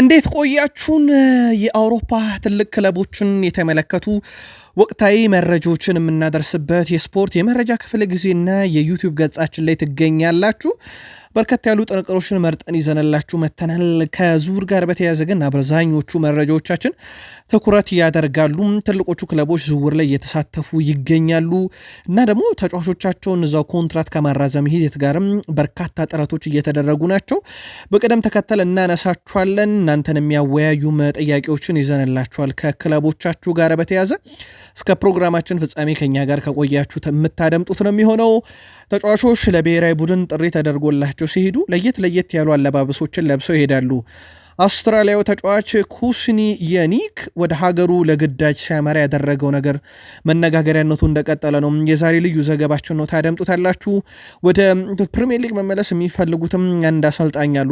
እንዴት ቆያችሁን? የአውሮፓ ትልቅ ክለቦችን የተመለከቱ ወቅታዊ መረጃዎችን የምናደርስበት የስፖርት የመረጃ ክፍለ ጊዜና የዩቲዩብ ገጻችን ላይ ትገኛላችሁ። በርከት ያሉ ጥንቅሮችን መርጠን ይዘንላችሁ መተናል። ከዙር ጋር በተያያዘ ግን አብዛኞቹ መረጃዎቻችን ትኩረት ያደርጋሉ። ትልቆቹ ክለቦች ዝውውር ላይ እየተሳተፉ ይገኛሉ እና ደግሞ ተጫዋቾቻቸውን እዛው ኮንትራት ከማራዘም ሂደት ጋርም በርካታ ጥረቶች እየተደረጉ ናቸው። በቅደም ተከተል እናነሳችኋለን። እናንተን የሚያወያዩ ጥያቄዎችን ይዘንላችኋል ከክለቦቻችሁ ጋር በተያያዘ እስከ ፕሮግራማችን ፍጻሜ ከኛ ጋር ከቆያችሁ የምታደምጡት ነው የሚሆነው። ተጫዋቾች ለብሔራዊ ቡድን ጥሪ ተደርጎላቸው ሲሄዱ ለየት ለየት ያሉ አለባበሶችን ለብሰው ይሄዳሉ። አውስትራሊያዊ ተጫዋች ኩስኒ የኒክ ወደ ሀገሩ ለግዳጅ ሲያመራ ያደረገው ነገር መነጋገሪያነቱ እንደቀጠለ ነው። የዛሬ ልዩ ዘገባችን ነው ታደምጡታላችሁ። ወደ ፕሪሚየር ሊግ መመለስ የሚፈልጉትም አንድ አሰልጣኝ አሉ፣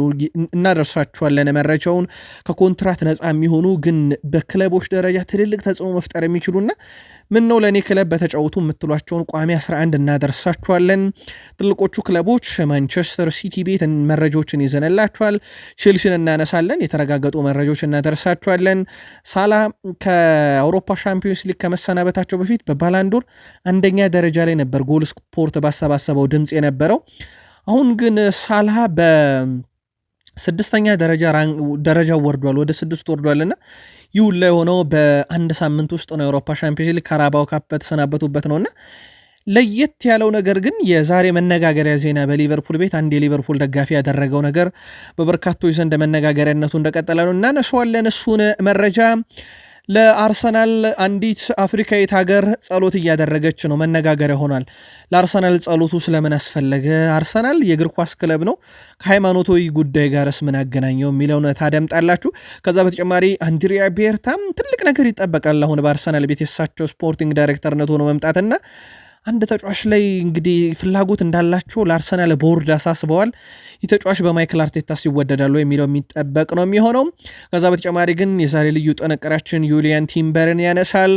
እናደርሳችኋለን መረጃውን። ከኮንትራት ነፃ የሚሆኑ ግን በክለቦች ደረጃ ትልልቅ ተጽዕኖ መፍጠር የሚችሉና ምን ነው ለእኔ ክለብ በተጫወቱ የምትሏቸውን ቋሚ 11 እናደርሳችኋለን። ትልቆቹ ክለቦች ማንቸስተር ሲቲ ቤት መረጃዎችን ይዘንላችኋል። ቼልሲን እናነሳለን። እናደርሳለን። የተረጋገጡ መረጃዎች እናደርሳችኋለን። ሳላ ከአውሮፓ ሻምፒዮንስ ሊግ ከመሰናበታቸው በፊት በባላንዶር አንደኛ ደረጃ ላይ ነበር ጎል ስፖርት ባሰባሰበው ድምፅ የነበረው። አሁን ግን ሳላ በ ስድስተኛ ደረጃ ደረጃ ወርዷል፣ ወደ ስድስት ወርዷልና ይሁን ላይ ሆነው በአንድ ሳምንት ውስጥ ነው የአውሮፓ ሻምፒዮንስ ሊግ ካራባው ካፕ በተሰናበቱበት ነውና ለየት ያለው ነገር ግን የዛሬ መነጋገሪያ ዜና በሊቨርፑል ቤት አንድ የሊቨርፑል ደጋፊ ያደረገው ነገር በበርካቶች ዘንድ መነጋገሪያነቱ እንደቀጠለ ነው። እናነሰዋለን እሱን መረጃ ለአርሰናል አንዲት አፍሪካዊት ሀገር ጸሎት እያደረገች ነው። መነጋገሪያ ሆኗል። ለአርሰናል ጸሎቱ ስለምን አስፈለገ? አርሰናል የእግር ኳስ ክለብ ነው። ከሃይማኖታዊ ጉዳይ ጋርስ ምን አገናኘው የሚለውን ታደምጣላችሁ። ከዛ በተጨማሪ አንድሪያ ቤርታም ትልቅ ነገር ይጠበቃል አሁን በአርሰናል ቤት የሳቸው ስፖርቲንግ ዳይሬክተርነት ሆኖ መምጣትና አንድ ተጫዋች ላይ እንግዲህ ፍላጎት እንዳላቸው ለአርሰናል ቦርድ አሳስበዋል። ይህ ተጫዋች በማይክል አርቴታስ ይወደዳሉ የሚለው የሚጠበቅ ነው የሚሆነው። ከዛ በተጨማሪ ግን የዛሬ ልዩ ጥንቅራችን ዩሊያን ቲምበርን ያነሳል።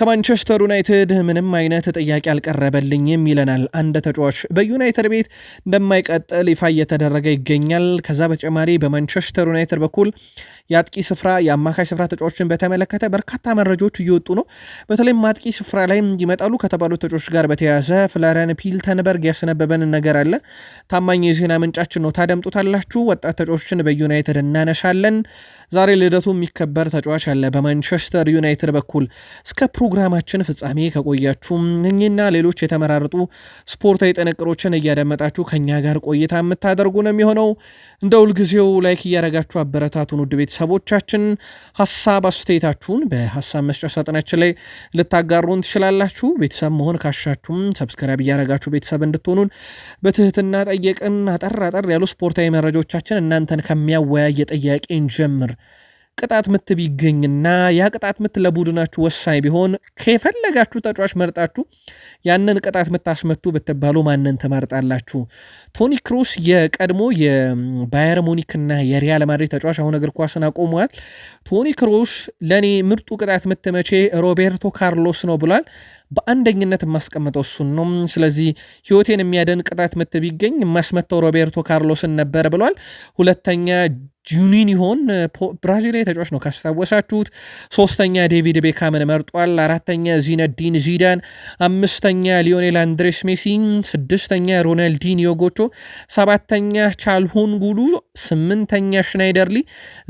ከማንቸስተር ዩናይትድ ምንም አይነት ጥያቄ አልቀረበልኝም ይለናል። አንድ ተጫዋች በዩናይትድ ቤት እንደማይቀጥል ይፋ እየተደረገ ይገኛል። ከዛ በተጨማሪ በማንቸስተር ዩናይትድ በኩል የአጥቂ ስፍራ የአማካይ ስፍራ ተጫዋቾችን በተመለከተ በርካታ መረጃዎች እየወጡ ነው። በተለይም አጥቂ ስፍራ ላይ ይመጣሉ ከተባሉ ተጫዋቾች ጋር በተያያዘ ፍላሪያን ፒልተንበርግ ያስነበበን ነገር አለ። ታማኝ የዜና ምንጫችን ነው፣ ታደምጡታላችሁ። ወጣት ተጫዋቾችን በዩናይትድ እናነሳለን። ዛሬ ልደቱ የሚከበር ተጫዋች አለ በማንቸስተር ዩናይትድ በኩል። እስከ ፕሮግራማችን ፍጻሜ ከቆያችሁ እኚህና ሌሎች የተመራረጡ ስፖርታዊ ጥንቅሮችን እያደመጣችሁ ከኛ ጋር ቆይታ የምታደርጉ ነው የሚሆነው። እንደ ሁልጊዜው ላይክ እያረጋችሁ አበረታቱን ውድ ቤተሰብ ቤተሰቦቻችን ሀሳብ አስተያየታችሁን በሀሳብ መስጫ ሳጥናችን ላይ ልታጋሩን ትችላላችሁ። ቤተሰብ መሆን ካሻችሁም ሰብስክራይብ እያረጋችሁ ቤተሰብ እንድትሆኑን በትህትና ጠየቅን። አጠር አጠር ያሉ ስፖርታዊ መረጃዎቻችን እናንተን ከሚያወያየ ጥያቄ እንጀምር። ቅጣት ምት ቢገኝና ያ ቅጣት ምት ለቡድናችሁ ወሳኝ ቢሆን ከፈለጋችሁ ተጫዋች መርጣችሁ ያንን ቅጣት ምት አስመቱ ብትባሉ ማንን ትመርጣላችሁ? ቶኒ ክሩስ የቀድሞ የባየር ሙኒክና የሪያል ማድሪድ ተጫዋች አሁን እግር ኳስን አቆሟል። ቶኒ ክሩስ ለእኔ ምርጡ ቅጣት ምት መቼ ሮቤርቶ ካርሎስ ነው ብሏል። በአንደኝነት የማስቀምጠው እሱን ነው። ስለዚህ ህይወቴን የሚያደን ቅጣት ምት ቢገኝ የማስመተው ሮቤርቶ ካርሎስን ነበር ብሏል። ሁለተኛ ይሆን ብራዚላዊ ተጫዋች ነው ካስታወሳችሁት። ሶስተኛ ዴቪድ ቤካምን መርጧል። አራተኛ ዚነዲን ዚዳን፣ አምስተኛ ሊዮኔል አንድሬስ ሜሲ፣ ስድስተኛ ሮናልዲኒዮ ጎቾ፣ ሰባተኛ ቻልሆን ጉሉ፣ ስምንተኛ ሽናይደርሊ፣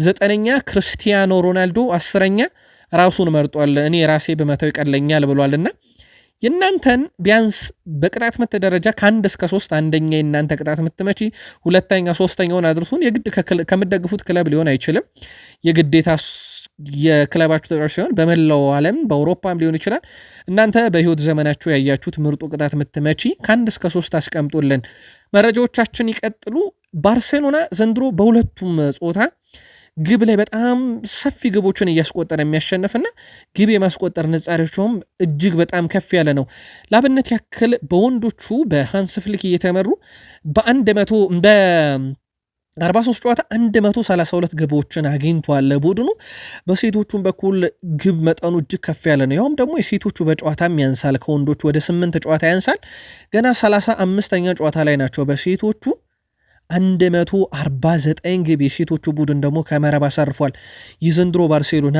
ዘጠነኛ ክርስቲያኖ ሮናልዶ፣ አስረኛ ራሱን መርጧል። እኔ ራሴ በመተው ይቀለኛል ብሏልና የእናንተን ቢያንስ በቅጣት ምት ደረጃ ከአንድ እስከ ሶስት አንደኛ የእናንተ ቅጣት ምት መቺ፣ ሁለተኛ ሶስተኛውን አድርሱን የግድ ከምደግፉት ክለብ ሊሆን አይችልም። የግዴታ የክለባችሁ ተጫዋች ሲሆን በመላው ዓለም በአውሮፓም ሊሆን ይችላል። እናንተ በህይወት ዘመናችሁ ያያችሁት ምርጡ ቅጣት ምት መቺ ከአንድ እስከ ሶስት አስቀምጦልን መረጃዎቻችን ይቀጥሉ። ባርሴሎና ዘንድሮ በሁለቱም ጾታ ግብ ላይ በጣም ሰፊ ግቦችን እያስቆጠረ የሚያሸንፍና ግብ የማስቆጠር ንጻሪዎቹም እጅግ በጣም ከፍ ያለ ነው። ላብነት ያክል በወንዶቹ በሃንስ ፍሊክ እየተመሩ በአንድ መቶ በ 43 ጨዋታ 132 ግቦችን አግኝቷል ቡድኑ። በሴቶቹም በኩል ግብ መጠኑ እጅግ ከፍ ያለ ነው። ያውም ደግሞ የሴቶቹ በጨዋታም ያንሳል፣ ከወንዶቹ ወደ 8 ጨዋታ ያንሳል። ገና 35ኛ ጨዋታ ላይ ናቸው በሴቶቹ 149 ግብ የሴቶቹ ቡድን ደግሞ ከመረብ አሳርፏል። የዘንድሮ ባርሴሎና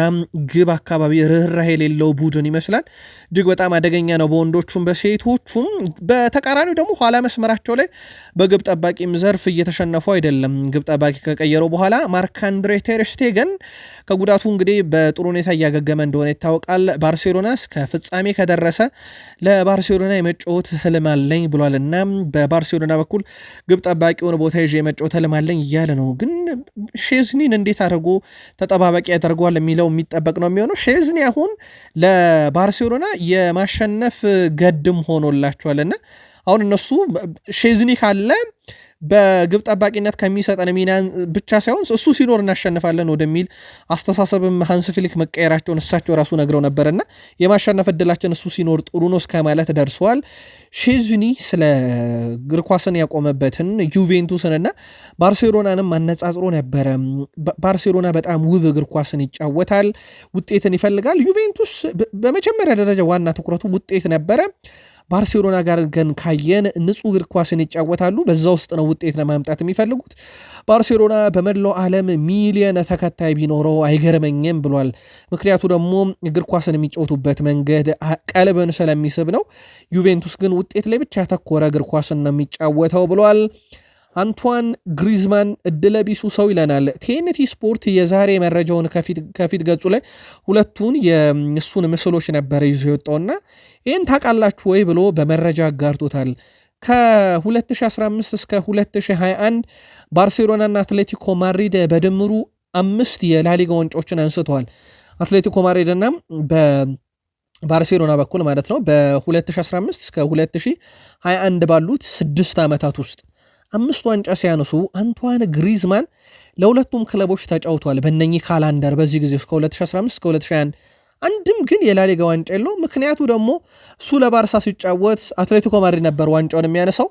ግብ አካባቢ ርኅራህ የሌለው ቡድን ይመስላል። እጅግ በጣም አደገኛ ነው፣ በወንዶቹም በሴቶቹም። በተቃራኒው ደግሞ ኋላ መስመራቸው ላይ በግብ ጠባቂም ዘርፍ እየተሸነፉ አይደለም። ግብ ጠባቂ ከቀየረው በኋላ ማርክ አንድሬ ቴርስቴገን ከጉዳቱ እንግዲህ በጥሩ ሁኔታ እያገገመ እንደሆነ ይታወቃል። ባርሴሎና እስከ ፍጻሜ ከደረሰ ለባርሴሎና የመጫወት ህልም አለኝ እና በባርሴሎና በኩል ግብ ጠባቂውን ቦታ ተያይዤ የመጫወት ህልም አለኝ እያለ ነው። ግን ሼዝኒን እንዴት አድርጎ ተጠባበቂ ያደርገዋል የሚለው የሚጠበቅ ነው የሚሆነው። ሼዝኒ አሁን ለባርሴሎና የማሸነፍ ገድም ሆኖላቸዋልና አሁን እነሱ ሼዝኒ ካለ በግብ ጠባቂነት ከሚሰጠን ሚና ብቻ ሳይሆን እሱ ሲኖር እናሸንፋለን ወደሚል አስተሳሰብም ሀንስ ፊሊክ መቀየራቸውን እሳቸው ራሱ ነግረው ነበርና የማሸነፍ እድላችን እሱ ሲኖር ጥሩ ነው እስከ ማለት ደርሰዋል። ሼዝኒ ስለ እግር ኳስን ያቆመበትን ዩቬንቱስንና ባርሴሎናንም አነጻጽሮ ነበረ። ባርሴሎና በጣም ውብ እግር ኳስን ይጫወታል፣ ውጤትን ይፈልጋል። ዩቬንቱስ በመጀመሪያ ደረጃ ዋና ትኩረቱ ውጤት ነበረ። ባርሴሎና ጋር ግን ካየን ንጹህ እግር ኳስን ይጫወታሉ። በዛ ውስጥ ነው ውጤት ለማምጣት የሚፈልጉት። ባርሴሎና በመላው ዓለም ሚሊየን ተከታይ ቢኖረው አይገርመኝም ብሏል። ምክንያቱ ደግሞ እግር ኳስን የሚጫወቱበት መንገድ ቀልብን ስለሚስብ ነው። ዩቬንቱስ ግን ውጤት ላይ ብቻ ያተኮረ እግር ኳስን ነው የሚጫወተው ብሏል። አንቷን ግሪዝማን እድለቢሱ ሰው ይለናል ቲኤንቲ ስፖርት። የዛሬ መረጃውን ከፊት ገጹ ላይ ሁለቱን የእሱን ምስሎች ነበረ ይዞ የወጣውና ይህን ታውቃላችሁ ወይ ብሎ በመረጃ አጋርቶታል። ከ2015 እስከ 2021 ባርሴሎናና አትሌቲኮ ማድሪድ በድምሩ አምስት የላሊጋ ዋንጫዎችን አንስተዋል። አትሌቲኮ ማድሪድና በባርሴሎና በኩል ማለት ነው በ2015 እስከ 2021 ባሉት ስድስት ዓመታት ውስጥ አምስት ዋንጫ ሲያነሱ አንቷን ግሪዝማን ለሁለቱም ክለቦች ተጫውቷል። በነኚህ ካላንደር በዚህ ጊዜ እስከ 2015 እስከ 2021 አንድም ግን የላሊጋ ዋንጫ የለው። ምክንያቱ ደግሞ እሱ ለባርሳ ሲጫወት አትሌቲኮ ማድሪድ ነበር ዋንጫውን የሚያነሳው።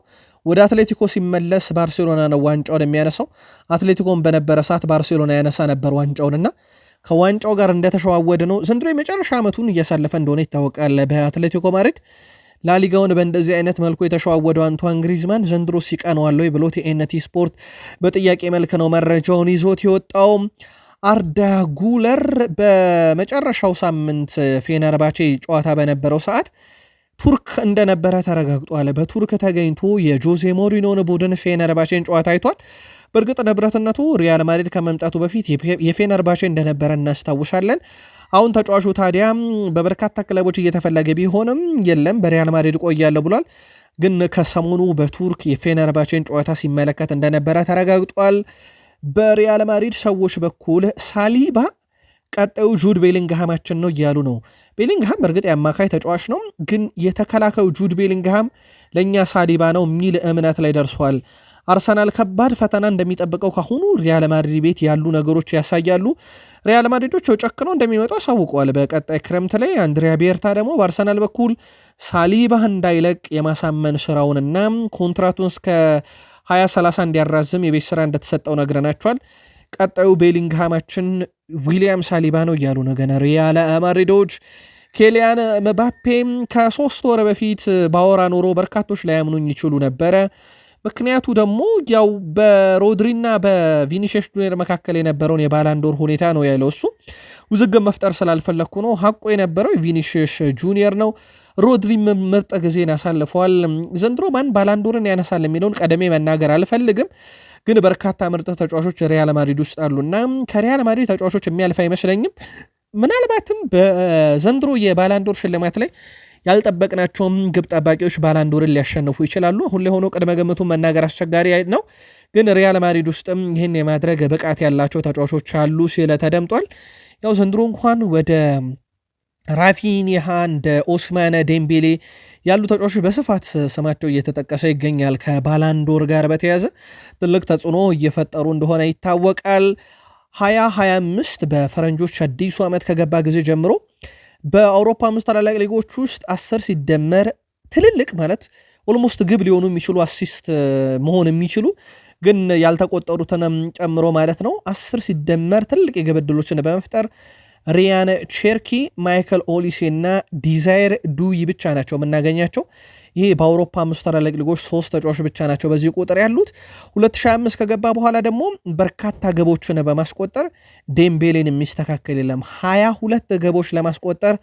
ወደ አትሌቲኮ ሲመለስ ባርሴሎና ነው ዋንጫውን የሚያነሳው። አትሌቲኮን በነበረ ሰዓት ባርሴሎና ያነሳ ነበር ዋንጫውንና ከዋንጫው ጋር እንደተሸዋወደ ነው ዘንድሮ የመጨረሻ ዓመቱን እያሳለፈ እንደሆነ ይታወቃል በአትሌቲኮ ማድሪድ ላሊጋውን በእንደዚህ አይነት መልኩ የተሸዋወደው አንቷን ግሪዝማን ዘንድሮ ሲቀነዋለው ብሎት የኤነቲ ስፖርት በጥያቄ መልክ ነው መረጃውን ይዞት የወጣው። አርዳ ጉለር በመጨረሻው ሳምንት ፌነርባቼ ጨዋታ በነበረው ሰዓት ቱርክ እንደነበረ ተረጋግጧል። በቱርክ ተገኝቶ የጆዜ ሞሪኖን ቡድን ፌነርባቼን ጨዋታ አይቷል። በእርግጥ ንብረትነቱ ሪያል ማድሪድ ከመምጣቱ በፊት የፌነርባቼ እንደነበረ እናስታውሳለን። አሁን ተጫዋቹ ታዲያ በበርካታ ክለቦች እየተፈለገ ቢሆንም የለም በሪያል ማድሪድ ቆያለሁ ብሏል። ግን ከሰሞኑ በቱርክ የፌነርባቼን ጨዋታ ሲመለከት እንደነበረ ተረጋግጧል። በሪያል ማድሪድ ሰዎች በኩል ሳሊባ ቀጣዩ ጁድ ቤሊንግሃማችን ነው እያሉ ነው። ቤሊንግሃም በእርግጥ የአማካይ ተጫዋች ነው፣ ግን የተከላካዩ ጁድ ቤሊንግሃም ለእኛ ሳሊባ ነው የሚል እምነት ላይ ደርሷል። አርሰናል ከባድ ፈተና እንደሚጠብቀው ካሁኑ ሪያል ማድሪድ ቤት ያሉ ነገሮች ያሳያሉ። ሪያል ማድሪዶች ጨክነው እንደሚመጡ አሳውቀዋል። በቀጣይ ክረምት ላይ አንድሪያ ቤርታ ደግሞ በአርሰናል በኩል ሳሊባ እንዳይለቅ የማሳመን ስራውንና ኮንትራቱን እስከ 2030 እንዲያራዝም የቤት ስራ እንደተሰጠው ነግረናቸዋል። ቀጣዩ ቤሊንግሃማችን ዊሊያም ሳሊባ ነው እያሉ ነገነ ሪያል ማድሪዶች ኬሊያን መባፔም ከሶስት ወር በፊት ባወራ ኖሮ በርካቶች ላያምኑኝ ይችሉ ነበረ ምክንያቱ ደግሞ ያው በሮድሪና በቪኒሽስ ጁኒየር መካከል የነበረውን የባላንዶር ሁኔታ ነው ያለው። እሱ ውዝግብ መፍጠር ስላልፈለግኩ ነው። ሀቁ የነበረው ቪኒሽሽ ጁኒየር ነው። ሮድሪ ምርጥ ጊዜን ያሳልፈዋል። ዘንድሮ ማን ባላንዶርን ያነሳል የሚለውን ቀደሜ መናገር አልፈልግም፣ ግን በርካታ ምርጥ ተጫዋቾች ሪያል ማድሪድ ውስጥ አሉና ከሪያል ማድሪድ ተጫዋቾች የሚያልፍ አይመስለኝም። ምናልባትም በዘንድሮ የባላንዶር ሽልማት ላይ ያልጠበቅናቸውም ግብ ጠባቂዎች ባላንዶርን ሊያሸንፉ ይችላሉ። አሁን ላይ ሆኖ ቅድመ ግምቱ መናገር አስቸጋሪ ነው፣ ግን ሪያል ማድሪድ ውስጥም ይህን የማድረግ ብቃት ያላቸው ተጫዋቾች አሉ ሲለ ተደምጧል። ያው ዘንድሮ እንኳን ወደ ራፊኒሃ እንደ ኦስማነ ዴምቤሌ ያሉ ተጫዋቾች በስፋት ስማቸው እየተጠቀሰ ይገኛል። ከባላንዶር ጋር በተያያዘ ትልቅ ተጽዕኖ እየፈጠሩ እንደሆነ ይታወቃል። 2025 በፈረንጆች አዲሱ ዓመት ከገባ ጊዜ ጀምሮ በአውሮፓ አምስት ታላላቅ ሊጎች ውስጥ አስር ሲደመር ትልልቅ ማለት ኦልሞስት ግብ ሊሆኑ የሚችሉ አሲስት መሆን የሚችሉ ግን ያልተቆጠሩትንም ጨምሮ ማለት ነው። አስር ሲደመር ትልቅ የግብ ዕድሎችን በመፍጠር ሪያን ቼርኪ፣ ማይከል ኦሊሴ እና ዲዛይር ዱይ ብቻ ናቸው የምናገኛቸው። ይሄ በአውሮፓ አምስት ታላላቅ ሊጎች ሶስት ተጫዋች ብቻ ናቸው በዚህ ቁጥር ያሉት። 2025 ከገባ በኋላ ደግሞ በርካታ ገቦችን በማስቆጠር ዴምቤሌን የሚስተካከል የለም። 22 ገቦች ለማስቆጠር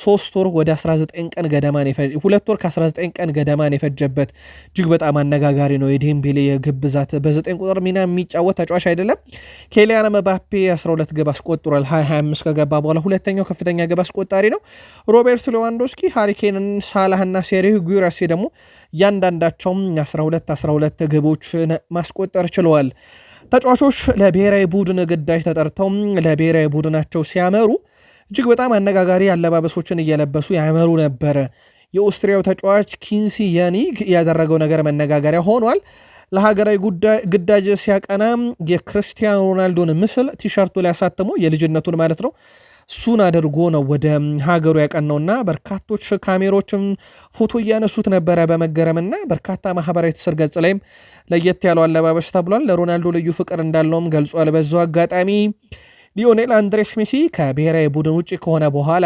ሶስት ወር ወደ 19 ቀን ገደማን ሁለት ወር ከ19 ቀን ገደማን የፈጀበት እጅግ በጣም አነጋጋሪ ነው። የዴምቤሌ የግብ ብዛት በ9 ቁጥር ሚና የሚጫወት ተጫዋች አይደለም። ኬሊያን መባፔ 12 ግብ አስቆጥሯል። 25 ከገባ በኋላ ሁለተኛው ከፍተኛ ግብ አስቆጣሪ ነው። ሮቤርት ሌዋንዶስኪ፣ ሃሪኬንን፣ ሳላህና ሴሪሁ ጉራሴ ደግሞ እያንዳንዳቸውም 12 12 ግቦች ማስቆጠር ችለዋል። ተጫዋቾች ለብሔራዊ ቡድን ግዳጅ ተጠርተው ለብሔራዊ ቡድናቸው ሲያመሩ እጅግ በጣም አነጋጋሪ አለባበሶችን እየለበሱ ያመሩ ነበረ። የኦስትሪያው ተጫዋች ኪንሲ የኒግ ያደረገው ነገር መነጋገሪያ ሆኗል። ለሀገራዊ ግዳጅ ሲያቀና የክርስቲያኖ ሮናልዶን ምስል ቲሸርቱ ላይ አሳትሞ የልጅነቱን ማለት ነው እሱን አድርጎ ነው ወደ ሀገሩ ያቀናውና በርካቶች ካሜሮችም ፎቶ እያነሱት ነበረ በመገረምና በርካታ ማህበራዊ ትስስር ገጽ ላይም ለየት ያለው አለባበስ ተብሏል። ለሮናልዶ ልዩ ፍቅር እንዳለውም ገልጿል። በዛው አጋጣሚ ሊዮኔል አንድሬስ ሜሲ ከብሔራዊ ቡድን ውጭ ከሆነ በኋላ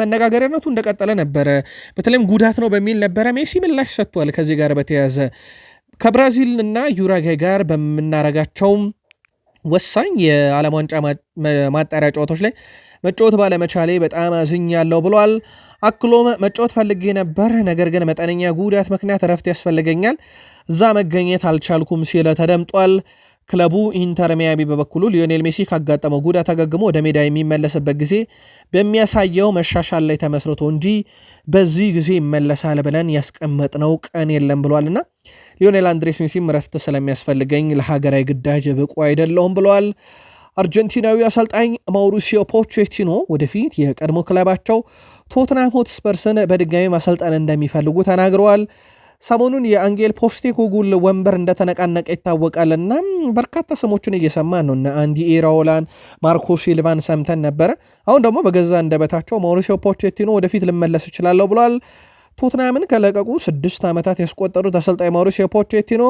መነጋገሪያነቱ እንደቀጠለ ነበረ። በተለይም ጉዳት ነው በሚል ነበረ። ሜሲ ምላሽ ሰጥቷል። ከዚህ ጋር በተያያዘ ከብራዚል እና ዩራጌ ጋር በምናረጋቸው ወሳኝ የዓለም ዋንጫ ማጣሪያ ጨዋታዎች ላይ መጫወት ባለመቻሌ በጣም አዝኛለሁ ብሏል። አክሎ መጫወት ፈልጌ ነበር፣ ነገር ግን መጠነኛ ጉዳት ምክንያት እረፍት ያስፈልገኛል፣ እዛ መገኘት አልቻልኩም ሲል ተደምጧል። ክለቡ ኢንተር ሚያሚ በበኩሉ ሊዮኔል ሜሲ ካጋጠመው ጉዳት አገግሞ ወደ ሜዳ የሚመለስበት ጊዜ በሚያሳየው መሻሻል ላይ ተመስርቶ እንጂ በዚህ ጊዜ ይመለሳል ብለን ያስቀመጥነው ቀን የለም ብሏልና ሊዮኔል አንድሬስ ሜሲም እረፍት ስለሚያስፈልገኝ ለሀገራዊ ግዳጅ ብቁ አይደለሁም ብለዋል። አርጀንቲናዊ አሰልጣኝ ማውሪሲዮ ፖቼቲኖ ወደፊት የቀድሞ ክለባቸው ቶትናም ሆትስፐርስን በድጋሚ ማሰልጠን እንደሚፈልጉ ተናግረዋል። ሰሞኑን የአንጌል ፖስቴ ወንበር እንደተነቃነቀ ይታወቃልና በርካታ ስሞችን እየሰማን ነው። እነ አንዲ ኤራውላን፣ ማርኮ ሲልቫን ሰምተን ነበረ። አሁን ደግሞ በገዛ እንደበታቸው ማውሪሲዮ ፖቼቲኖ ወደፊት ልመለስ እችላለሁ ብሏል። ቶትናምን ከለቀቁ ስድስት ዓመታት ያስቆጠሩት አሰልጣኝ ማውሪሲዮ ፖቼቲኖ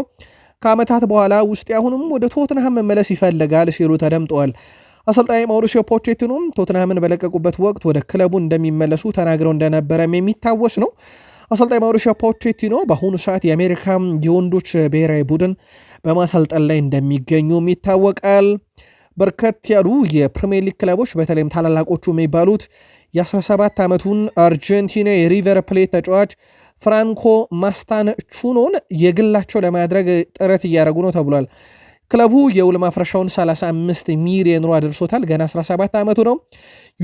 ከዓመታት በኋላ ውስጥ አሁንም ወደ ቶትናሃም መመለስ ይፈልጋል ሲሉ ተደምጠዋል። አሰልጣኝ ማውሪሲዮ ፖቼቲኖም ቶትናምን በለቀቁበት ወቅት ወደ ክለቡ እንደሚመለሱ ተናግረው እንደነበረም የሚታወስ ነው። አሰልጣኝ ማውሪሻ ፖቼቲኖ በአሁኑ ሰዓት የአሜሪካ የወንዶች ብሔራዊ ቡድን በማሰልጠን ላይ እንደሚገኙም ይታወቃል። በርከት ያሉ የፕሪሚየር ሊግ ክለቦች በተለይም ታላላቆቹ የሚባሉት የ17 ዓመቱን አርጀንቲና የሪቨር ፕሌት ተጫዋች ፍራንኮ ቹኖን የግላቸው ለማድረግ ጥረት እያደረጉ ነው ተብሏል። ክለቡ የውል ማፍረሻውን 35 ሚሊዮን ሮ አድርሶታል። ገና 17 ዓመቱ ነው።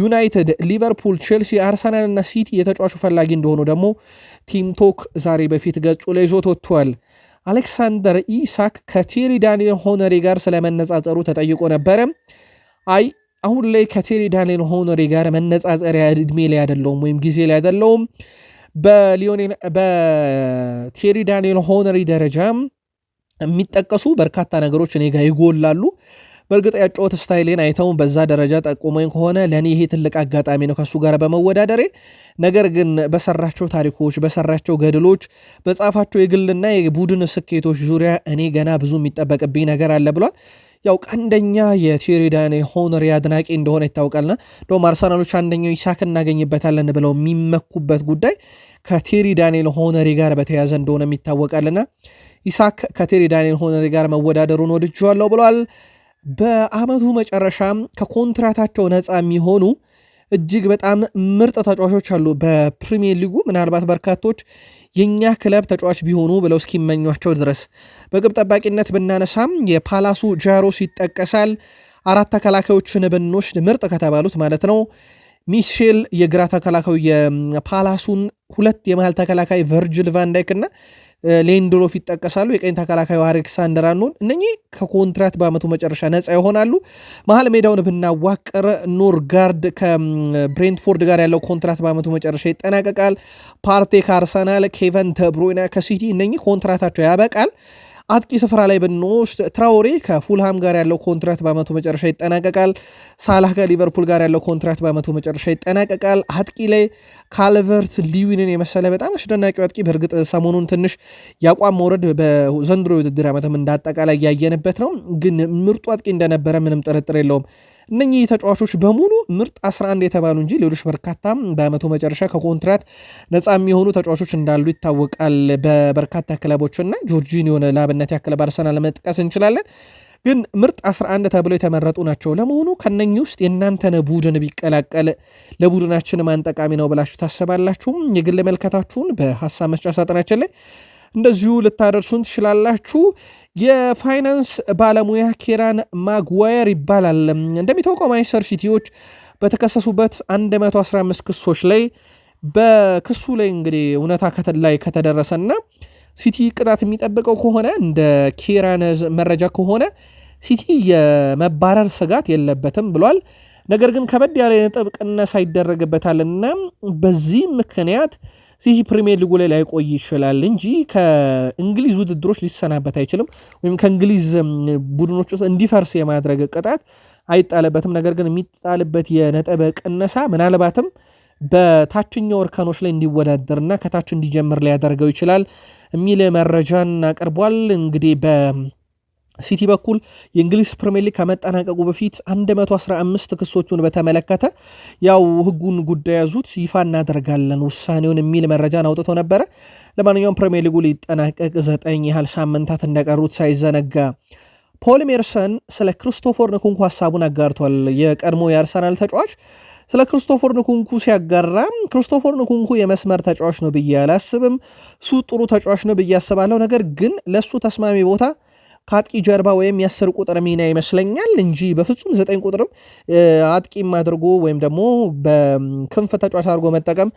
ዩናይትድ፣ ሊቨርፑል፣ ቼልሲ፣ አርሰናል እና ሲቲ የተጫዋቹ ፈላጊ እንደሆኑ ደግሞ ቲም ቶክ ዛሬ በፊት ገጹ ላይ ይዞት ወጥቷል። አሌክሳንደር ኢሳክ ከቴሪ ዳንኤል ሆነሪ ጋር ስለመነጻጸሩ ተጠይቆ ነበረ። አይ አሁን ላይ ከቴሪ ዳንኤል ሆነሪ ጋር መነጻጸሪያ እድሜ ላይ አይደለውም ወይም ጊዜ ላይ አይደለውም። በቴሪ ዳንኤል ሆነሪ ደረጃም የሚጠቀሱ በርካታ ነገሮች እኔ ጋር ይጎላሉ። በእርግጥ ያጨዋወት ስታይሌን አይተውን በዛ ደረጃ ጠቁሞኝ ከሆነ ለእኔ ይሄ ትልቅ አጋጣሚ ነው ከሱ ጋር በመወዳደሬ። ነገር ግን በሰራቸው ታሪኮች፣ በሰራቸው ገድሎች፣ በጻፋቸው የግልና የቡድን ስኬቶች ዙሪያ እኔ ገና ብዙ የሚጠበቅብኝ ነገር አለ ብሏል። ያው ቀንደኛ የቲሪዳን ሆነሪ አድናቂ እንደሆነ ይታወቃልና እንደውም አርሰናሎች አንደኛው ኢሳክ እናገኝበታለን ብለው የሚመኩበት ጉዳይ ከቴሪ ዳንኤል ሆነሪ ጋር በተያያዘ እንደሆነ ይታወቃልና ኢሳክ ከቴሪ ዳንኤል ሆነሪ ጋር መወዳደሩን ወድጀዋለሁ ብለዋል። በአመቱ መጨረሻ ከኮንትራታቸው ነፃ የሚሆኑ እጅግ በጣም ምርጥ ተጫዋቾች አሉ በፕሪሚየር ሊጉ። ምናልባት በርካቶች የእኛ ክለብ ተጫዋች ቢሆኑ ብለው እስኪመኟቸው ድረስ በግብ ጠባቂነት ብናነሳም የፓላሱ ጃሮስ ይጠቀሳል። አራት ተከላካዮችን ብንወስድ ምርጥ ከተባሉት ማለት ነው ሚሼል የግራ ተከላካዩ የፓላሱን ሁለት የመሃል ተከላካይ ቨርጅል ቫንዳይክ እና ሌንድሎፍ ይጠቀሳሉ። የቀኝ ተከላካዩ አሌክሳንደር አርኖልድ እነኚህ ከኮንትራት በአመቱ መጨረሻ ነጻ ይሆናሉ። መሀል ሜዳውን ብናዋቅር ኖርጋርድ ከብሬንትፎርድ ጋር ያለው ኮንትራት በአመቱ መጨረሻ ይጠናቀቃል። ፓርቴ ከአርሰናል፣ ኬቨን ደብሮይና ከሲቲ እነኚህ ኮንትራታቸው ያበቃል። አጥቂ ስፍራ ላይ ብንወስድ ትራውሬ ከፉልሃም ጋር ያለው ኮንትራት በመቶ መጨረሻ ይጠናቀቃል። ሳላህ ከሊቨርፑል ጋር ያለው ኮንትራት በመቶ መጨረሻ ይጠናቀቃል። አጥቂ ላይ ካልቨርት ሊዊንን የመሰለ በጣም አስደናቂው አጥቂ በእርግጥ ሰሞኑን ትንሽ የአቋም መውረድ በዘንድሮ የውድድር ዓመትም እንዳጠቃላይ ያየንበት ነው። ግን ምርጡ አጥቂ እንደነበረ ምንም ጥርጥር የለውም። እነኚህ ተጫዋቾች በሙሉ ምርጥ 11 የተባሉ እንጂ ሌሎች በርካታ በአመቱ መጨረሻ ከኮንትራት ነፃ የሚሆኑ ተጫዋቾች እንዳሉ ይታወቃል። በበርካታ ክለቦችና የሆነ ላብነት ያክል ባርሰና ለመጥቀስ እንችላለን። ግን ምርጥ 11 ተብለው የተመረጡ ናቸው። ለመሆኑ ከነኚህ ውስጥ የእናንተን ቡድን ቢቀላቀል ለቡድናችን ማን ጠቃሚ ነው ብላችሁ ታስባላችሁ? የግል መልከታችሁን በሀሳብ መስጫ ሳጥናችን ላይ እንደዚሁ ልታደርሱን ትችላላችሁ። የፋይናንስ ባለሙያ ኬራን ማግዋየር ይባላል። እንደሚታወቀው ማንቸስተር ሲቲዎች በተከሰሱበት 115 ክሶች ላይ በክሱ ላይ እንግዲህ እውነታ ላይ ከተደረሰና ሲቲ ቅጣት የሚጠብቀው ከሆነ እንደ ኬራን መረጃ ከሆነ ሲቲ የመባረር ስጋት የለበትም ብሏል። ነገር ግን ከበድ ያለ ነጥብ ቅነሳ ይደረግበታልና በዚህ ምክንያት እዚህ ፕሪሚየር ሊጉ ላይ ላይቆይ ይችላል እንጂ ከእንግሊዝ ውድድሮች ሊሰናበት አይችልም፣ ወይም ከእንግሊዝ ቡድኖች ውስጥ እንዲፈርስ የማድረግ ቅጣት አይጣልበትም። ነገር ግን የሚጣልበት የነጥብ ቅነሳ ምናልባትም በታችኛው እርከኖች ላይ እንዲወዳደርና ከታች እንዲጀምር ሊያደርገው ይችላል የሚል መረጃን አቅርቧል። እንግዲህ በ ሲቲ በኩል የእንግሊዝ ፕሪምየር ሊግ ከመጠናቀቁ በፊት 115 ክሶቹን በተመለከተ ያው ህጉን ጉዳይ ያዙት ይፋ እናደርጋለን ውሳኔውን የሚል መረጃን አውጥቶ ነበረ። ለማንኛውም ፕሪምየር ሊጉ ሊጠናቀቅ ዘጠኝ ያህል ሳምንታት እንደቀሩት ሳይዘነጋ ፖል ሜርሰን ስለ ክሪስቶፈር ንኩንኩ ሀሳቡን አጋርቷል። የቀድሞ የአርሰናል ተጫዋች ስለ ክርስቶፈር ንኩንኩ ሲያጋራ ክርስቶፈር ንኩንኩ የመስመር ተጫዋች ነው ብዬ አላስብም። እሱ ጥሩ ተጫዋች ነው ብዬ አስባለሁ። ነገር ግን ለእሱ ተስማሚ ቦታ ከአጥቂ ጀርባ ወይም የአስር ቁጥር ሚና ይመስለኛል እንጂ በፍጹም ዘጠኝ ቁጥርም አጥቂም አድርጎ ወይም ደግሞ በክንፍ ተጫዋች አድርጎ መጠቀም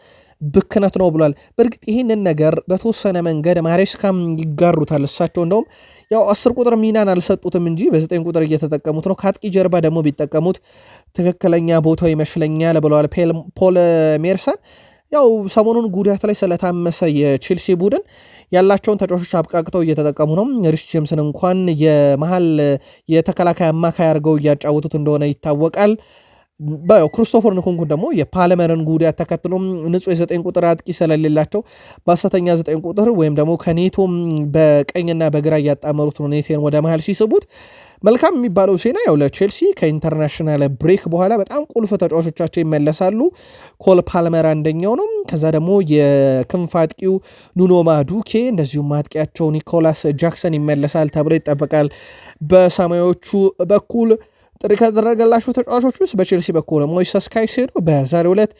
ብክነት ነው ብሏል። በእርግጥ ይህንን ነገር በተወሰነ መንገድ ማሬስካም ይጋሩታል። እሳቸው እንደውም ያው አስር ቁጥር ሚናን አልሰጡትም እንጂ በዘጠኝ ቁጥር እየተጠቀሙት ነው። ከአጥቂ ጀርባ ደግሞ ቢጠቀሙት ትክክለኛ ቦታው ይመስለኛል ብለዋል ፖል ሜርሰን። ያው ሰሞኑን ጉዳት ላይ ስለታመሰ የቼልሲ ቡድን ያላቸውን ተጫዋቾች አብቃቅተው እየተጠቀሙ ነው። ሪስ ጄምስን እንኳን የመሀል የተከላካይ አማካይ አድርገው እያጫወቱት እንደሆነ ይታወቃል። ክሪስቶፈር ንኩንኩ ደግሞ የፓልመርን ጉዳት ተከትሎ ንጹህ የዘጠኝ ቁጥር አጥቂ ስለሌላቸው በሐሰተኛ ዘጠኝ ቁጥር ወይም ደግሞ ከኔቶ በቀኝና በግራ እያጣመሩት ነው ኔቴን ወደ መሀል ሲስቡት መልካም የሚባለው ዜና ያው ለቼልሲ ከኢንተርናሽናል ብሬክ በኋላ በጣም ቁልፍ ተጫዋቾቻቸው ይመለሳሉ። ኮል ፓልመር አንደኛው ነው። ከዛ ደግሞ የክንፍ አጥቂው ኑኖ ማዱኬ እንደዚሁም አጥቂያቸው ኒኮላስ ጃክሰን ይመለሳል ተብሎ ይጠበቃል በሰማዮቹ በኩል ጥሪ ከተደረገላቸው ተጫዋቾች ውስጥ በቼልሲ በኩል ሞይሰስ ካይሴዶ በዛሬው ዕለት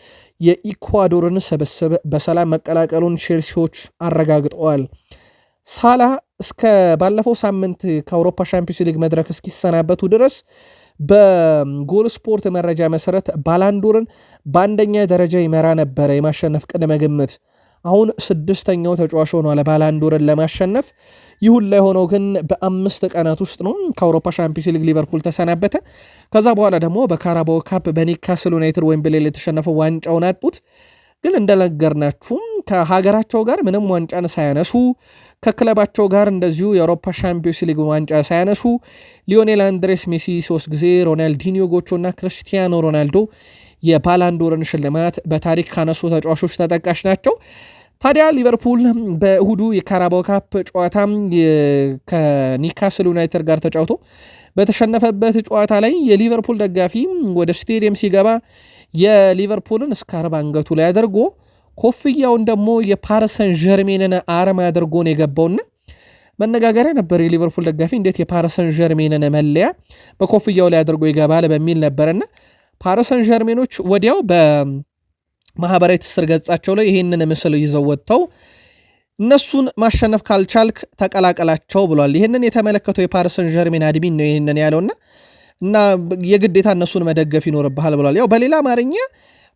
የኢኳዶርን ስብስብ በሰላም መቀላቀሉን ቼልሲዎች አረጋግጠዋል። ሳላ እስከ ባለፈው ሳምንት ከአውሮፓ ሻምፒዮንስ ሊግ መድረክ እስኪሰናበቱ ድረስ በጎል ስፖርት መረጃ መሰረት ባላንዶርን በአንደኛ ደረጃ ይመራ ነበረ የማሸነፍ ቅድመ ግምት አሁን ስድስተኛው ተጫዋች ሆኗል ባላንዶርን ለማሸነፍ። ይሁን ላይ ሆኖ ግን በአምስት ቀናት ውስጥ ነው ከአውሮፓ ሻምፒዮንስ ሊግ ሊቨርፑል ተሰናበተ። ከዛ በኋላ ደግሞ በካራባው ካፕ በኒካስል ዩናይትድ ዌምብሌይ የተሸነፈው ዋንጫውን አጡት። ግን እንደነገርናችሁም ከሀገራቸው ጋር ምንም ዋንጫን ሳያነሱ ከክለባቸው ጋር እንደዚሁ የአውሮፓ ሻምፒዮንስ ሊግ ዋንጫ ሳያነሱ ሊዮኔል አንድሬስ ሜሲ ሶስት ጊዜ፣ ሮናልዲኒዮ ጎቾ እና ክርስቲያኖ ሮናልዶ የባላንዶርን ሽልማት በታሪክ ካነሱ ተጫዋቾች ተጠቃሽ ናቸው። ታዲያ ሊቨርፑል በእሁዱ የካራባው ካፕ ጨዋታ ከኒካስል ዩናይትድ ጋር ተጫውቶ በተሸነፈበት ጨዋታ ላይ የሊቨርፑል ደጋፊ ወደ ስቴዲየም ሲገባ የሊቨርፑልን ስካርብ አንገቱ ላይ አድርጎ ኮፍያውን ደግሞ የፓርሰን ጀርሜንን አርማ አድርጎ ነው የገባውና መነጋገሪያ ነበር። የሊቨርፑል ደጋፊ እንዴት የፓርሰን ጀርሜንን መለያ በኮፍያው ላይ አድርጎ ይገባል በሚል ነበርና ፓርሰን ጀርሜኖች ወዲያው በ ማህበራዊ ትስስር ገጻቸው ላይ ይህንን ምስል ይዘው ወጥተው እነሱን ማሸነፍ ካልቻልክ ተቀላቀላቸው ብሏል። ይህንን የተመለከተው የፓሪሰን ጀርሜን አድሚን ነው ይህንን ያለውና እና የግዴታ እነሱን መደገፍ ይኖርብሃል ብሏል። ያው በሌላ አማርኛ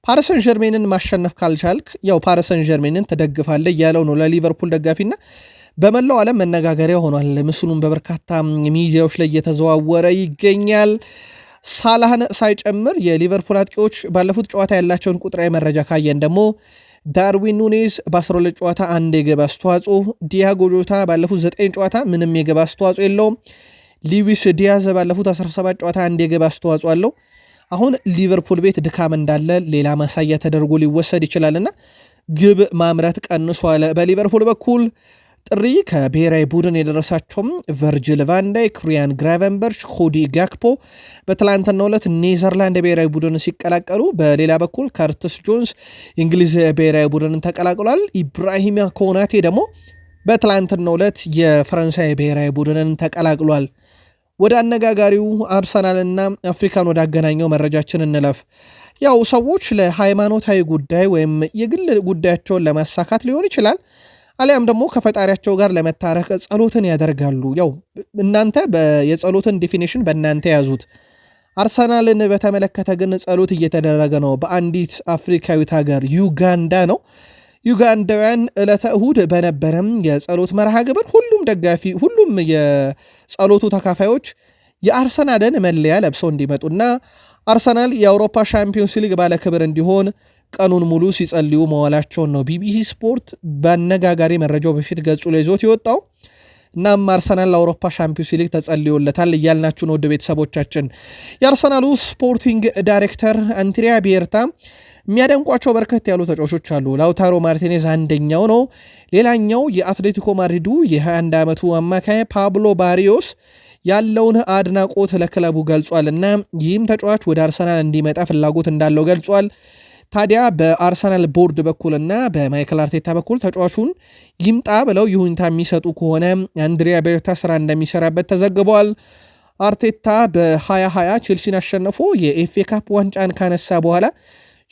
ፓሪሰን ጀርሜንን ማሸነፍ ካልቻልክ ያው ፓሪሰን ጀርሜንን ትደግፋለህ እያለው ነው ለሊቨርፑል ደጋፊና በመላው ዓለም መነጋገሪያ ሆኗል። ምስሉም በበርካታ ሚዲያዎች ላይ እየተዘዋወረ ይገኛል። ሳላህን ሳይጨምር የሊቨርፑል አጥቂዎች ባለፉት ጨዋታ ያላቸውን ቁጥራዊ መረጃ ካየን ደግሞ ዳርዊን ኑኔዝ በ12 ጨዋታ አንድ የግብ አስተዋጽኦ፣ ዲያጎ ጆታ ባለፉት 9 ጨዋታ ምንም የግብ አስተዋጽኦ የለውም። ሊዊስ ዲያዝ ባለፉት 17 ጨዋታ አንድ የግብ አስተዋጽኦ አለው። አሁን ሊቨርፑል ቤት ድካም እንዳለ ሌላ ማሳያ ተደርጎ ሊወሰድ ይችላልና ግብ ማምረት ቀንሷል በሊቨርፑል በኩል ጥሪ ከብሔራዊ ቡድን የደረሳቸውም ቨርጅል ቫንዳይ፣ ክሪያን ግራቨንበርሽ፣ ኮዲ ጋክፖ በትላንትናው ዕለት ኔዘርላንድ ብሔራዊ ቡድን ሲቀላቀሉ፣ በሌላ በኩል ከርትስ ጆንስ የእንግሊዝ ብሔራዊ ቡድንን ተቀላቅሏል። ኢብራሂም ኮናቴ ደግሞ በትላንትናው ዕለት የፈረንሳይ ብሔራዊ ቡድንን ተቀላቅሏል። ወደ አነጋጋሪው አርሰናልና አፍሪካን ወደ አገናኘው መረጃችን እንለፍ። ያው ሰዎች ለሃይማኖታዊ ጉዳይ ወይም የግል ጉዳያቸውን ለማሳካት ሊሆን ይችላል አሊያም ደግሞ ከፈጣሪያቸው ጋር ለመታረቅ ጸሎትን ያደርጋሉ። ያው እናንተ የጸሎትን ዲፊኒሽን በእናንተ ያዙት። አርሰናልን በተመለከተ ግን ጸሎት እየተደረገ ነው። በአንዲት አፍሪካዊት ሀገር ዩጋንዳ ነው። ዩጋንዳውያን ዕለተ እሁድ በነበረም የጸሎት መርሃ ግብር ሁሉም ደጋፊ ሁሉም የጸሎቱ ተካፋዮች የአርሰናልን መለያ ለብሰው እንዲመጡና አርሰናል የአውሮፓ ሻምፒዮንስ ሊግ ባለክብር እንዲሆን ቀኑን ሙሉ ሲጸልዩ መዋላቸውን ነው ቢቢሲ ስፖርት በአነጋጋሪ መረጃው በፊት ገጹ ላይ ይዞት የወጣው። እናም አርሰናል ለአውሮፓ ሻምፒዮንስ ሊግ ተጸልዮለታል እያልናችሁን ውድ ቤተሰቦቻችን። የአርሰናሉ ስፖርቲንግ ዳይሬክተር አንትሪያ ቤርታ የሚያደንቋቸው በርከት ያሉ ተጫዋቾች አሉ። ላውታሮ ማርቲኔዝ አንደኛው ነው። ሌላኛው የአትሌቲኮ ማድሪዱ የ21 ዓመቱ አማካይ ፓብሎ ባሪዮስ ያለውን አድናቆት ለክለቡ ገልጿል እና ይህም ተጫዋች ወደ አርሰናል እንዲመጣ ፍላጎት እንዳለው ገልጿል። ታዲያ በአርሰናል ቦርድ በኩልና በማይክል አርቴታ በኩል ተጫዋቹን ይምጣ ብለው ይሁንታ የሚሰጡ ከሆነ አንድሪያ ቤርታ ስራ እንደሚሰራበት ተዘግበዋል። አርቴታ በ2020 ቼልሲን አሸንፎ የኤፍኤ ካፕ ዋንጫን ካነሳ በኋላ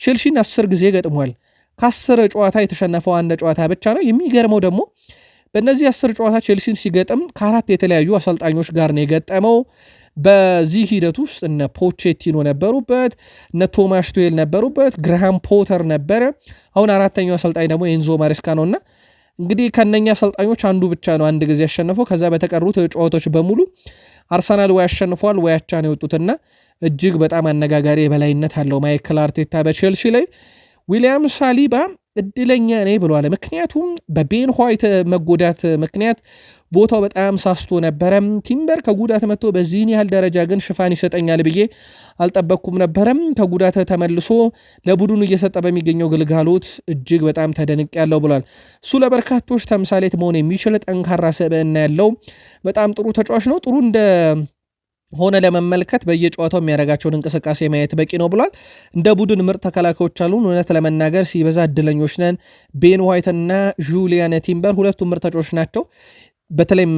ቼልሲን አስር ጊዜ ገጥሟል። ከአስር ጨዋታ የተሸነፈው አንድ ጨዋታ ብቻ ነው። የሚገርመው ደግሞ በእነዚህ አስር ጨዋታ ቼልሲን ሲገጥም ከአራት የተለያዩ አሰልጣኞች ጋር ነው የገጠመው። በዚህ ሂደት ውስጥ እነ ፖቼቲኖ ነበሩበት፣ እነ ቶማሽ ቱዌል ነበሩበት፣ ግርሃም ፖተር ነበረ። አሁን አራተኛው አሰልጣኝ ደግሞ ኤንዞ ማሬስካ እና እንግዲህ ከነኛ አሰልጣኞች አንዱ ብቻ ነው አንድ ጊዜ ያሸነፈው። ከዛ በተቀሩት ጨዋታዎች በሙሉ አርሰናል ወይ አሸንፏል ወይ አቻ ነው የወጡትና እጅግ በጣም አነጋጋሪ የበላይነት አለው ማይክል አርቴታ በቼልሲ ላይ ዊሊያም ሳሊባ እድለኛ ነኝ ብለዋል። ምክንያቱም በቤን ኋይት መጎዳት ምክንያት ቦታው በጣም ሳስቶ ነበረ። ቲምበር ከጉዳት መጥቶ በዚህን ያህል ደረጃ ግን ሽፋን ይሰጠኛል ብዬ አልጠበቅኩም ነበረም። ከጉዳት ተመልሶ ለቡድኑ እየሰጠ በሚገኘው ግልጋሎት እጅግ በጣም ተደንቅ ያለው ብሏል። እሱ ለበርካቶች ተምሳሌት መሆን የሚችል ጠንካራ ስብዕና ያለው በጣም ጥሩ ተጫዋች ነው። ጥሩ እንደ ሆነ ለመመልከት በየጨዋታው የሚያደርጋቸውን እንቅስቃሴ ማየት በቂ ነው ብሏል። እንደ ቡድን ምርጥ ተከላካዮች አሉን። እውነት ለመናገር ሲበዛ እድለኞች ነን። ቤን ዋይትና ጁሊያን ቲምበር ሁለቱም ምርጥ ናቸው። በተለይም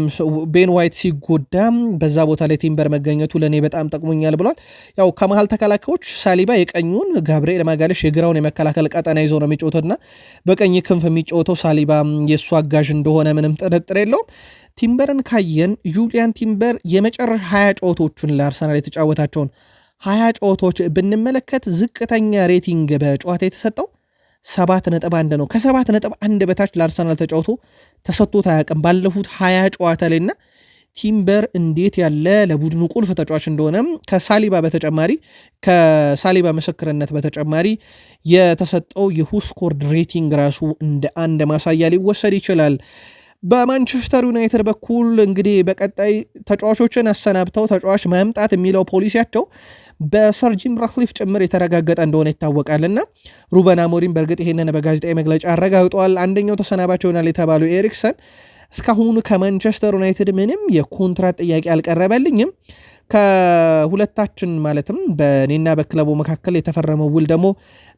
ቤን ዋይት ሲጎዳ በዛ ቦታ ላይ ቲምበር መገኘቱ ለእኔ በጣም ጠቅሞኛል ብሏል። ያው ከመሀል ተከላካዮች ሳሊባ የቀኙን፣ ጋብርኤል ማጋለሽ የግራውን የመከላከል ቀጠና ይዞ ነው ና በቀኝ ክንፍ የሚጫወተው ሳሊባ የእሱ አጋዥ እንደሆነ ምንም ጥርጥር የለውም። ቲምበርን ካየን ዩሊያን ቲምበር የመጨረሻ ሀያ ጨዋታዎቹን ለአርሰናል የተጫወታቸውን ሀያ ጨዋታዎች ብንመለከት ዝቅተኛ ሬቲንግ በጨዋታ የተሰጠው ሰባት ነጥብ አንድ ነው። ከሰባት ነጥብ አንድ በታች ለአርሰናል ተጫውቶ ተሰጥቶት አያውቅም ባለፉት ሀያ ጨዋታ ላይና ቲምበር እንዴት ያለ ለቡድኑ ቁልፍ ተጫዋች እንደሆነም ከሳሊባ በተጨማሪ ከሳሊባ ምስክርነት በተጨማሪ የተሰጠው የሁስኮርድ ሬቲንግ ራሱ እንደ አንድ ማሳያ ሊወሰድ ይችላል። በማንቸስተር ዩናይትድ በኩል እንግዲህ በቀጣይ ተጫዋቾችን አሰናብተው ተጫዋች ማምጣት የሚለው ፖሊሲያቸው በሰር ጂም ራትክሊፍ ጭምር የተረጋገጠ እንደሆነ ይታወቃልና ሩበን አሞሪም በእርግጥ ይሄንን በጋዜጣዊ መግለጫ አረጋግጠዋል። አንደኛው ተሰናባቸው ይሆናል የተባሉ ኤሪክሰን እስካሁኑ ከማንቸስተር ዩናይትድ ምንም የኮንትራት ጥያቄ አልቀረበልኝም ከሁለታችን ማለትም በእኔና በክለቡ መካከል የተፈረመው ውል ደግሞ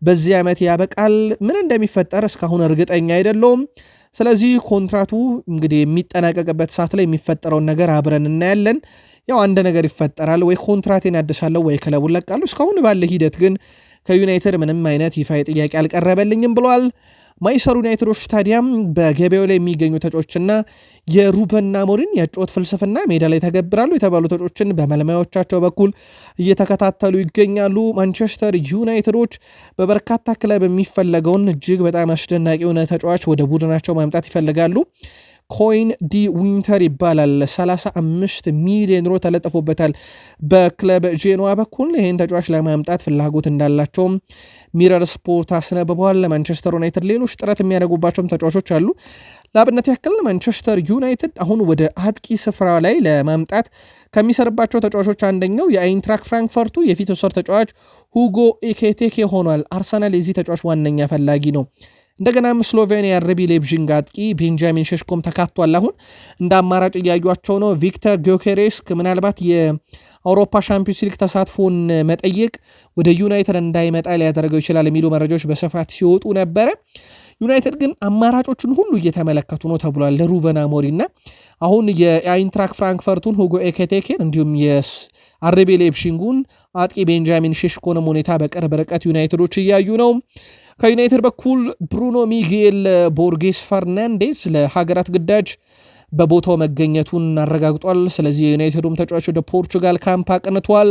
በዚህ ዓመት ያበቃል። ምን እንደሚፈጠር እስካሁን እርግጠኛ አይደለውም። ስለዚህ ኮንትራቱ እንግዲህ የሚጠናቀቅበት ሰዓት ላይ የሚፈጠረውን ነገር አብረን እናያለን። ያው አንድ ነገር ይፈጠራል፣ ወይ ኮንትራቴን ያድሳለሁ ወይ ክለቡን ለቃለሁ። እስካሁን ባለ ሂደት ግን ከዩናይትድ ምንም አይነት ይፋ ጥያቄ አልቀረበልኝም ብሏል። ማይሰሩ ዩናይትዶች ታዲያም በገበያው ላይ የሚገኙ ተጫዎችና የሩበን አሞሪም የጨዋታ ፍልስፍና ሜዳ ላይ ተገብራሉ የተባሉ ተጫዎችን በመልማዮቻቸው በኩል እየተከታተሉ ይገኛሉ። ማንቸስተር ዩናይትዶች በበርካታ ክለብ የሚፈለገውን እጅግ በጣም አስደናቂ የሆነ ተጫዋች ወደ ቡድናቸው ማምጣት ይፈልጋሉ። ኮይን ዲ ዊንተር ይባላል። 35 ሚሊዮን ሮ ተለጥፎበታል። በክለብ ጄኖዋ በኩል ይህን ተጫዋች ለማምጣት ፍላጎት እንዳላቸውም ሚረር ስፖርት አስነብበዋል። ለማንቸስተር ዩናይትድ ሌሎች ጥረት የሚያደርጉባቸውም ተጫዋቾች አሉ። ለአብነት ያክል ማንቸስተር ዩናይትድ አሁን ወደ አጥቂ ስፍራ ላይ ለማምጣት ከሚሰርባቸው ተጫዋቾች አንደኛው የአይንትራክ ፍራንክፈርቱ የፊት ወሰር ተጫዋች ሁጎ ኤኬቴኬ ሆኗል። አርሰናል የዚህ ተጫዋች ዋነኛ ፈላጊ ነው። እንደገናም ስሎቬኒያ ርቢ ሌብዥንግ አጥቂ ቤንጃሚን ሸሽኮም ተካቷል። አሁን እንደ አማራጭ እያዩቸው ነው። ቪክተር ጊዮኬሬስክ ምናልባት የአውሮፓ ሻምፒዮንስ ሊግ ተሳትፎን መጠየቅ ወደ ዩናይትድ እንዳይመጣ ሊያደርገው ይችላል የሚሉ መረጃዎች በስፋት ሲወጡ ነበረ። ዩናይትድ ግን አማራጮችን ሁሉ እየተመለከቱ ነው ተብሏል። ለሩበን አሞሪና አሁን የአይንትራክ ፍራንክፈርቱን ሁጎ ኤኬቴኬን እንዲሁም የአርቤ ሌብሺንጉን አጥቂ ቤንጃሚን ሼሽኮንም ሁኔታ በቅርብ ርቀት ዩናይትዶች እያዩ ነው። ከዩናይትድ በኩል ብሩኖ ሚጌል ቦርጌስ ፈርናንዴስ ለሀገራት ግዳጅ በቦታው መገኘቱን አረጋግጧል። ስለዚህ የዩናይትዱም ተጫዋች ወደ ፖርቹጋል ካምፕ አቅንቷል።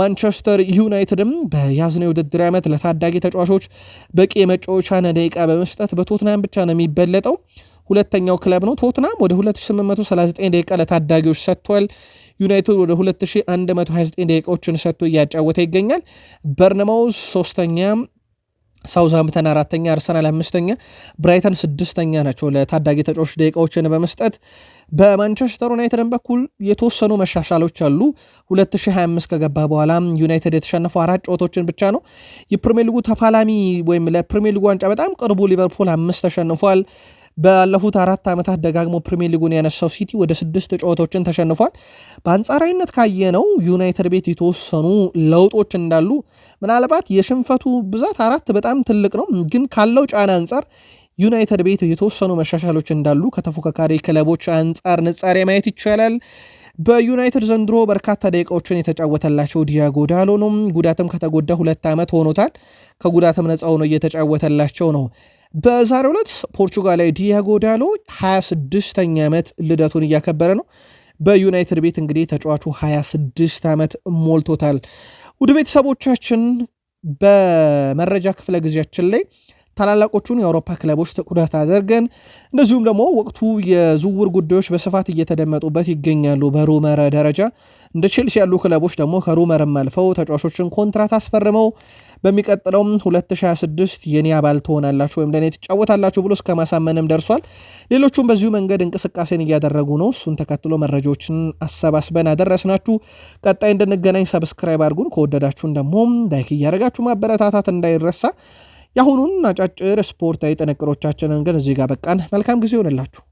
ማንቸስተር ዩናይትድም በያዝነው የውድድር ዓመት ለታዳጊ ተጫዋቾች በቂ የመጫወቻ ደቂቃ በመስጠት በቶትናም ብቻ ነው የሚበለጠው። ሁለተኛው ክለብ ነው። ቶትናም ወደ 2839 ደቂቃ ለታዳጊዎች ሰጥቷል። ዩናይትድ ወደ 2129 ደቂቃዎችን ሰጥቶ እያጫወተ ይገኛል። በርነማውዝ ሶስተኛም ሳውዝሃምተን አራተኛ፣ አርሰናል አምስተኛ፣ ብራይተን ስድስተኛ ናቸው ለታዳጊ ተጫዋች ደቂቃዎችን በመስጠት በማንቸስተር ዩናይትድን በኩል የተወሰኑ መሻሻሎች አሉ። 2025 ከገባ በኋላ ዩናይትድ የተሸነፈው አራት ጨዋታዎችን ብቻ ነው። የፕሪሚየር ሊጉ ተፋላሚ ወይም ለፕሪሚየር ሊጉ ዋንጫ በጣም ቅርቡ ሊቨርፑል አምስት ተሸንፏል። ባለፉት አራት ዓመታት ደጋግሞ ፕሪሚየር ሊጉን ያነሳው ሲቲ ወደ ስድስት ጨዋታዎችን ተሸንፏል። በአንጻራዊነት ካየነው ዩናይትድ ቤት የተወሰኑ ለውጦች እንዳሉ፣ ምናልባት የሽንፈቱ ብዛት አራት በጣም ትልቅ ነው፣ ግን ካለው ጫና አንጻር ዩናይትድ ቤት የተወሰኑ መሻሻሎች እንዳሉ ከተፎካካሪ ክለቦች አንጻር ንጻሬ ማየት ይቻላል። በዩናይትድ ዘንድሮ በርካታ ደቂቃዎችን የተጫወተላቸው ዲያጎ ዳሎ ነው። ጉዳትም ከተጎዳ ሁለት ዓመት ሆኖታል። ከጉዳትም ነፃ ሆኖ እየተጫወተላቸው ነው። በዛሬው ዕለት ፖርቹጋላዊ ዲያጎ ዳሎ 26ኛ ዓመት ልደቱን እያከበረ ነው። በዩናይትድ ቤት እንግዲህ ተጫዋቹ 26 ዓመት ሞልቶታል። ውድ ቤተሰቦቻችን በመረጃ ክፍለ ጊዜያችን ላይ ታላላቆቹን የአውሮፓ ክለቦች ትኩረት አድርገን እንደዚሁም ደግሞ ወቅቱ የዝውውር ጉዳዮች በስፋት እየተደመጡበት ይገኛሉ። በሩመር ደረጃ እንደ ቼልሲ ያሉ ክለቦች ደግሞ ከሩመርም አልፈው ተጫዋቾችን ኮንትራት አስፈርመው በሚቀጥለውም 2026 የኔ አባል ትሆናላችሁ ወይም ለእኔ ትጫወታላችሁ ብሎ እስከ ማሳመንም ደርሷል። ሌሎቹም በዚሁ መንገድ እንቅስቃሴን እያደረጉ ነው። እሱን ተከትሎ መረጃዎችን አሰባስበን አደረስናችሁ። ቀጣይ እንድንገናኝ ሰብስክራይብ አድርጉን። ከወደዳችሁን ደግሞ ላይክ እያደረጋችሁ ማበረታታት እንዳይረሳ የአሁኑን አጫጭር ስፖርታዊ ጥንቅሮቻችንን ግን እዚህ ጋር በቃን። መልካም ጊዜ ይሆንላችሁ።